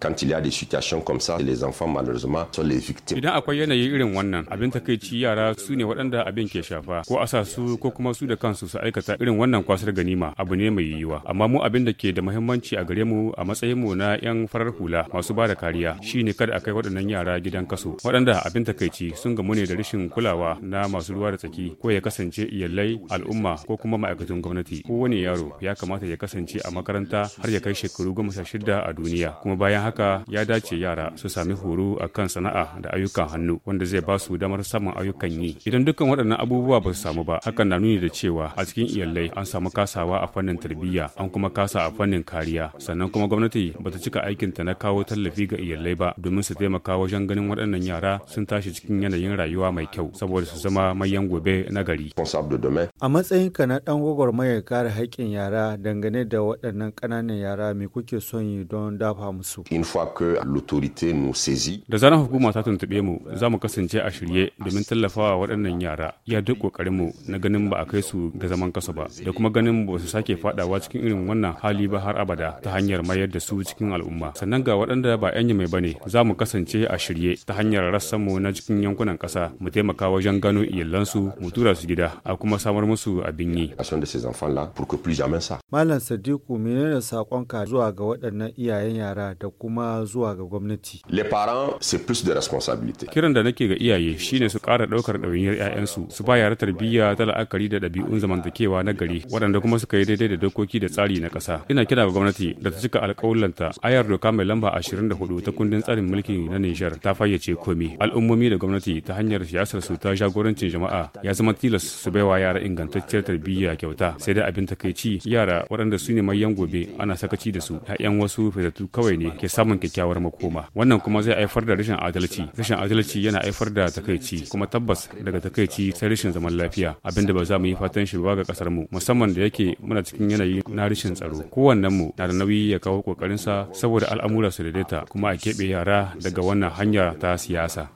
quand il y a des situations comme ça les enfants malheureusement sont les victimes idan akwai yanayi irin wannan abin takaici yara su ne waɗanda abin ke shafa ko a su ko kuma su da kansu su aikata irin wannan kwasar ganima abu ne mai yiwuwa amma mu abin da ke da muhimmanci a gare mu a matsayin mu na yan farar hula masu bada kariya shine kada a kai waɗannan yara gidan kaso waɗanda abin takaici sun gamu ne da rashin kulawa na masu ruwa da tsaki ko ya kasance iyalai al'umma ko kuma ma'aikatan gwamnati kowane yaro ya kamata ya kasance a makaranta har ya kai shekaru goma sha shida a duniya kuma bayan haka ya dace yara su sami horo a kan sana'a da ayyukan hannu wanda zai ba su damar saman ayyukan yi. Idan dukkan waɗannan abubuwa ba su samu ba, hakan na nuni da cewa a cikin iyalai an samu kasawa a fannin tarbiyya, an kuma kasa a fannin kariya. Sannan kuma gwamnati ba ta cika aikinta na kawo tallafi ga iyalai ba domin su taimaka wajen ganin waɗannan yara sun tashi cikin yanayin rayuwa mai kyau saboda su zama mayan gobe na gari. A matsayinka na ɗan gwagwarmaya kare haƙƙin yara dangane da waɗannan ƙananan yara me kuke son yi don dafa musu? Da zarar hukuma ta tuntuɓe mu za mu kasance a shirye domin tallafawa waɗannan yara ya duk mu na ganin ba a kai su ga zaman kasa ba da kuma ganin ba su sake faɗawa cikin irin wannan hali ba har abada ta hanyar mayar da su cikin al'umma. Sannan ga waɗanda ba 'yan mai ne za mu kasance a shirye ta hanyar rassan mu na cikin yankunan ƙasa mu taimaka wajen gano iyalansu mu tura su gida a kuma samar musu abin yi. Malam Sadiku menene saƙonka zuwa ga waɗannan iyayen yara da kuma kuma zuwa ga gwamnati. Les parents c'est plus de responsabilité. Kiran da nake ga iyaye shine su kara ɗaukar ɗawainiyar 'ya'yansu su ba yara tarbiyya ta la'akari da ɗabi'un zamantakewa na gari waɗanda kuma suka yi daidai da dokoki da tsari na ƙasa. Ina kira ga gwamnati da ta cika alƙawullanta ayar doka mai lamba 24 ta kundin tsarin mulkin na Nijar ta fayyace komai. Al'ummomi da gwamnati ta hanyar siyasar su ta jagorancin jama'a ya zama tilas su baiwa yara ingantacciyar tarbiyya kyauta sai dai abin takaici yara waɗanda su ne mayan gobe ana sakaci da su 'ya'yan wasu fitattu kawai ne ke sa samun kyakkyawar makoma wannan kuma zai haifar da rashin adalci rashin adalci yana haifar da takaici kuma tabbas daga takaici sai rashin zaman lafiya abinda ba za mu yi fatan shi ba ga kasar mu musamman da yake muna cikin yanayi na rashin tsaro kowannen mu na da nauyi ya kawo sa saboda al'amura su daidaita kuma a keɓe yara daga wannan hanya ta siyasa.